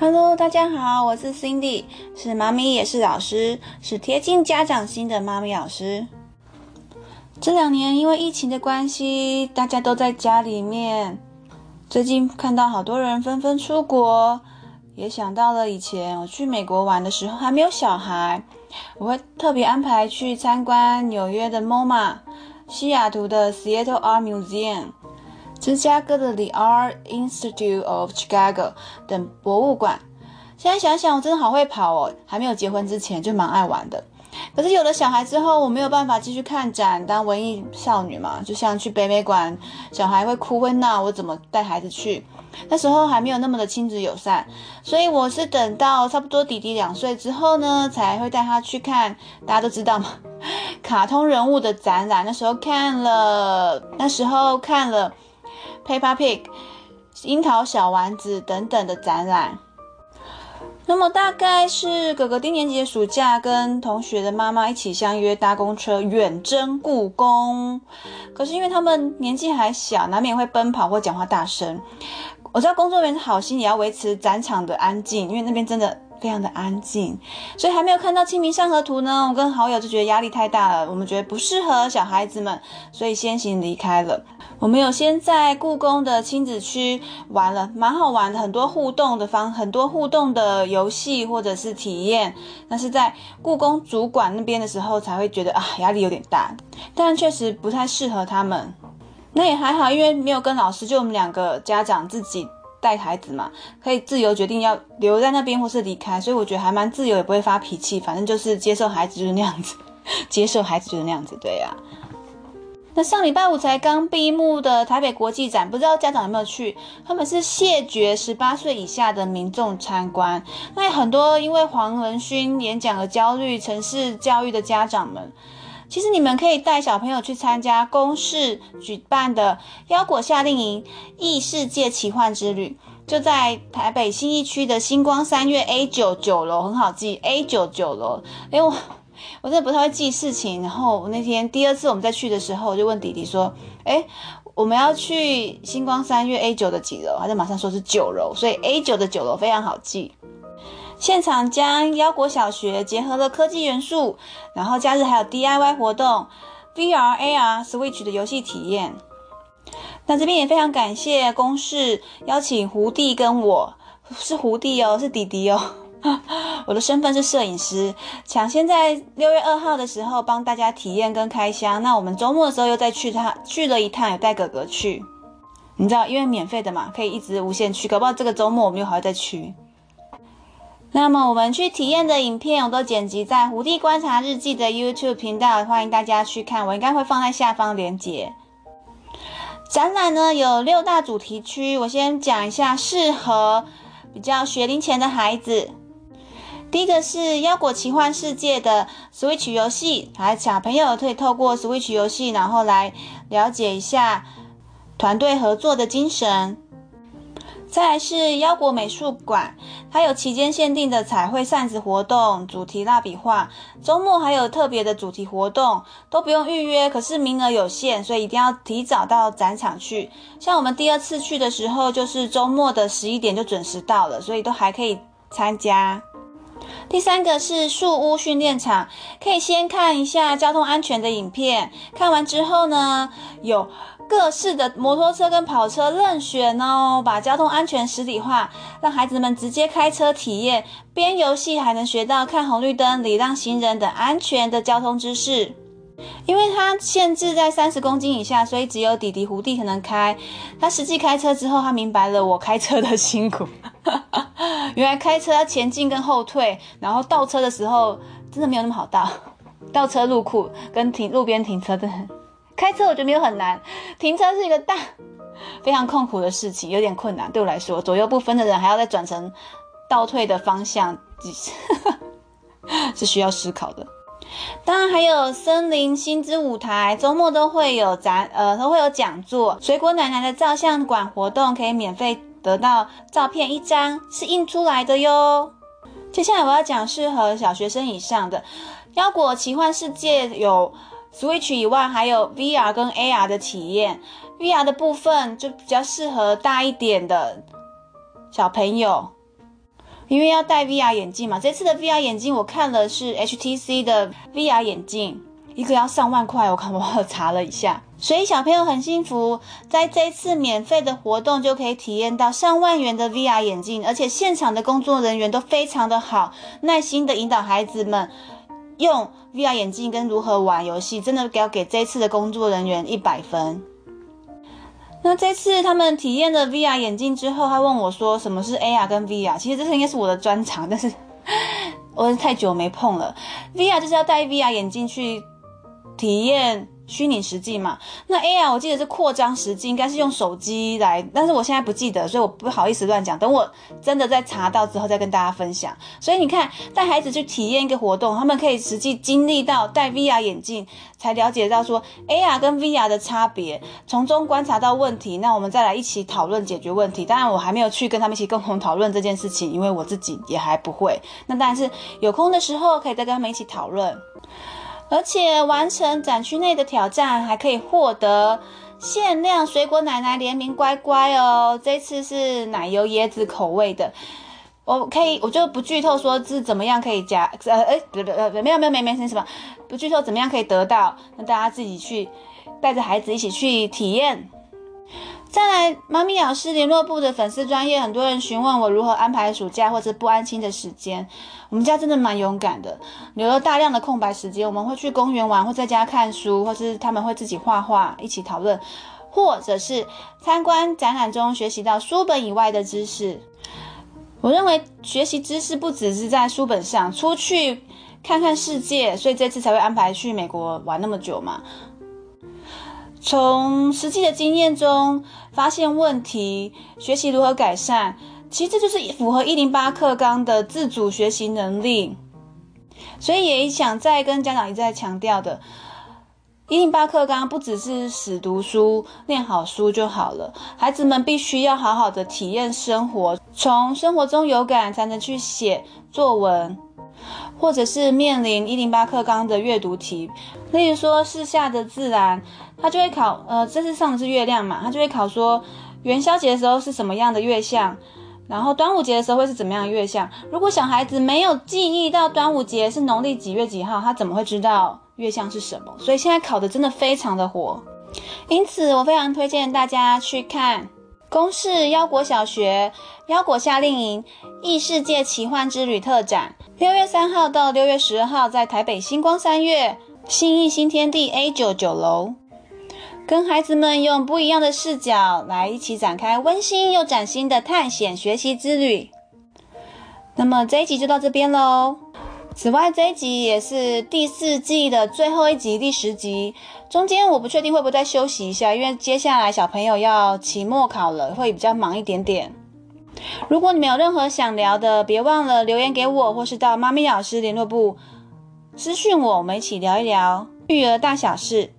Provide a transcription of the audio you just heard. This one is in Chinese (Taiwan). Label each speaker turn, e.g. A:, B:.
A: Hello，大家好，我是 Cindy，是媽咪也是老師，是貼近家長心的媽咪老師。這兩年因為疫情的關係，大家都在家裡面。最近看到好多人紛紛出國，也想到了以前我去美國玩的時候還沒有小孩，我會特別安排去參觀紐約的 MOMA，西雅圖的 Seattle Art Museum。芝加哥的 The Art Institute of Chicago 等博物館。現在想想，我真的好會跑哦！還沒有結婚之前就蠻愛玩的。可是有了小孩之後，我沒有辦法繼續看展，當文藝少女嘛。就像去北美館，小孩會哭會鬧，我怎麼帶孩子去？那時候還沒有那麼的親子友善，所以我是等到差不多弟弟兩歲之後呢，才會帶他去看。大家都知道嗎？卡通人物的展覽。那時候看了，那時候看了。Peppa Pig、櫻桃小丸子等等的展覽，那麼大概是哥哥低年級的暑假，跟同學的媽媽一起相約搭公車遠征故宮。可是因為他們年紀還小，難免會奔跑或講話大聲。我知道工作人員好心也要維持展場的安靜，因為那邊真的非常的安靜，所以還沒有看到《清明上河圖》呢。我跟好友就覺得壓力太大了，我們覺得不適合小孩子們，所以先行離開了。我們有先在故宮的親子區玩了，蠻好玩的，很多互動的方，很多互動的遊戲或者是體驗。但是在故宮主館那邊的時候才會覺得啊，壓力有點大，但確實不太適合他們。那也還好，因為沒有跟老師，就我們兩個家長自己帶孩子嘛，可以自由決定要留在那邊或是離開，所以我覺得還蠻自由，也不會發脾氣，反正就是接受孩子就是那樣子，接受孩子就是那樣子，對呀、啊。那上禮拜五才剛閉幕的台北國際展，不知道家長有沒有去？他們是謝絕十八歲以下的民眾參觀。那很多因為黃仁勳演講而焦慮、程式教育的家長們，其實你們可以帶小朋友去參加公視舉辦的妖果夏令營《異視界奇幻之旅》，就在台北信義區的新光三越 A9 九樓，很好記，A9 九樓。哎呦。我真的不太會記事情，然後我那天第二次我們再去的時候，我就問弟弟說：“哎，我們要去新光三越 A9 的幾樓？”他就馬上說是九樓，所以 A9 的九樓非常好記。現場將妖果小學結合了科技元素，然後假日還有 DIY 活動、VR、AR、Switch 的遊戲體驗。那這邊也非常感謝公視邀請胡弟跟我，是胡弟哦，是弟弟哦。 我的身份是攝影師，搶先在六月二號的時候幫大家體驗跟開箱。那我們周末的時候又再去他去了一趟，有帶哥哥去。你知道，因為免費的嘛，可以一直無限去。搞不好這個周末我們又還要再去。那麼我們去體驗的影片我都剪輯在《胡弟觀察日記》的 YouTube 頻道，歡迎大家去看。我應該會放在下方連結。展覽呢有六大主題區，我先講一下適合比較學齡前的孩子。第一個是妖果奇幻視界的 Switch 遊戲，還小朋友可以透過 Switch 遊戲，然後來了解一下團隊合作的精神。再來是妖果美術館，它有期間限定的彩繪扇子活動、主題蠟筆畫，週末還有特別的主題活動，都不用預約，可是名額有限，所以一定要提早到展場去。像我們第二次去的時候，就是週末的十一點就準時到了，所以都還可以參加。第三個是樹屋訓練場，可以先看一下交通安全的影片。看完之後呢，有各式的摩托車跟跑車任選哦，把交通安全實體化，讓孩子們直接開車體驗，邊遊戲還能學到看紅綠燈、禮讓行人等安全的交通知識。因為它限制在三十公斤以下，所以只有弟弟胡弟才能開。他實際開車之後，他明白了我開車的辛苦。原來開車要前進跟後退，然後倒車的時候真的沒有那麼好倒。倒車入庫跟停路邊停車，的開車我覺得沒有很難，停車是一個大非常痛苦的事情，有點困難，對我來說。左右不分的人還要再轉成倒退的方向， 是需要思考的。當然還有森林之心舞台，周末都會有展，呃，都會有講座。水果奶奶的照相館活動可以免費。得到照片一張是印出來的喲。接下來我要講適合小學生以上的《妖果奇幻視界》，有 Switch 以外，還有 VR 跟 AR 的體驗。VR 的部分就比較適合大一點的小朋友，因為要戴 VR 眼鏡嘛。這次的 VR 眼鏡我看了是 HTC 的 VR 眼鏡，一個要上萬塊，我看我查了一下。所以小朋友很幸福，在這次免費的活動就可以體驗到上萬元的 VR 眼鏡，而且現場的工作人員都非常的好，耐心的引導孩子們用 VR 眼鏡跟如何玩遊戲，真的要給這次的工作人員一百分。那這次他們體驗了 VR 眼鏡之後，他問我說什麼是 AR 跟 VR，其實這是應該是我的專長，但是我是太久沒碰了。VR 就是要戴 VR 眼鏡去體驗。虛擬實際嘛，那 AR 我記得是擴張實際，應該是用手機來，但是我現在不記得，所以我不好意思亂講，等我真的在查到之後再跟大家分享。所以你看，帶孩子去體驗一個活動，他們可以實際經歷到戴 VR 眼鏡，才了解到說 AR 跟 VR 的差別，從中觀察到問題，那我們再來一起討論解決問題。當然，我還沒有去跟他們一起共同討論這件事情，因為我自己也還不會。那當然是有空的時候可以再跟他們一起討論。而且完成展區內的挑戰，還可以獲得限量水果奶奶聯名乖乖哦，這次是奶油椰子口味的。我可以，我就不劇透說是怎麼樣可以夾，呃，哎、呃，不不不沒有沒有沒沒什麼，不劇透怎麼樣可以得到，那大家自己去帶着孩子一起去體驗。再來，媽咪老師聯絡部的粉絲專頁，很多人詢問我如何安排暑假或者不安親的時間。我們家真的蠻勇敢的，留了大量的空白時間，我們會去公園玩，或在家看書，或是他們會自己畫畫，一起討論，或者是參觀展覽中學習到書本以外的知識。我認為學習知識不只是在書本上，出去看看世界，所以這次才會安排去美國玩那麼久嘛。從實際的經驗中發現問題，學習如何改善，其實這就是符合一零八課綱的自主學習能力。所以也想再跟家長一再強調的，一零八課綱不只是死讀書、念好書就好了，孩子們必須要好好的體驗生活，從生活中有感，才能去寫作文。或者是面臨一零八課綱的閱讀題，例如說四下的自然，他就會考，呃，這次上的是月亮嘛，他就會考說元宵節的時候是什麼樣的月相，然後端午節的時候會是怎麼樣的月相。如果小孩子沒有記憶到端午節是農曆幾月幾號，他怎麼會知道月相是什麼？所以現在考的真的非常的火，因此我非常推薦大家去看公視妖果小學妖果夏令營異視界奇幻之旅特展。六月三號到六月十二號，在台北新光三越信義新天地 A9 九樓，跟孩子們用不一樣的視角來一起展開溫馨又嶄新的探險學習之旅。那麼這一集就到這邊嘍。此外，這一集也是第四季的最後一集，第十集。中間我不確定會不會再休息一下，因為接下來小朋友要期末考了，會比較忙一點點。如果你們有任何想聊的，別忘了留言給我，或是到媽咪老師聯絡部私訊我，我們一起聊一聊育兒大小事。